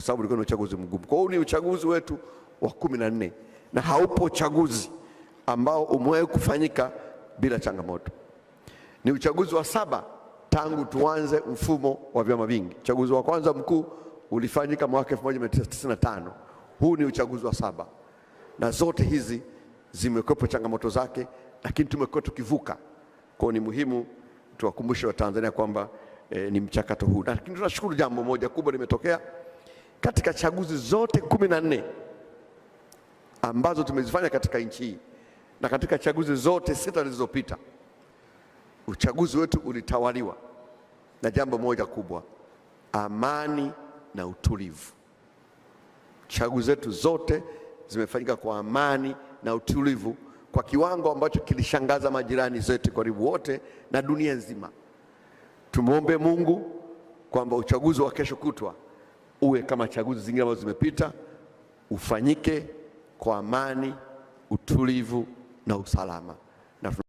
kwa sababu ulikuwa ni uchaguzi mgumu. Kwa hiyo ni uchaguzi wetu wa kumi na nne na haupo uchaguzi ambao umewahi kufanyika bila changamoto. Ni uchaguzi wa saba tangu tuanze mfumo wa vyama vingi. Uchaguzi wa kwanza mkuu ulifanyika mwaka 1995. Huu ni uchaguzi wa saba, na zote hizi zimekwepo changamoto zake, lakini tumekuwa tukivuka. Kwa hiyo ni muhimu tuwakumbushe Watanzania kwamba eh, ni mchakato huu, lakini tunashukuru jambo moja kubwa limetokea katika chaguzi zote kumi na nne ambazo tumezifanya katika nchi hii na katika chaguzi zote sita zilizopita, uchaguzi wetu ulitawaliwa na jambo moja kubwa, amani na utulivu. Chaguzi zetu zote zimefanyika kwa amani na utulivu, kwa kiwango ambacho kilishangaza majirani zetu karibu wote na dunia nzima. Tumwombe Mungu kwamba uchaguzi wa kesho kutwa uwe kama chaguzi zingine ambazo zimepita, ufanyike kwa amani, utulivu na usalama na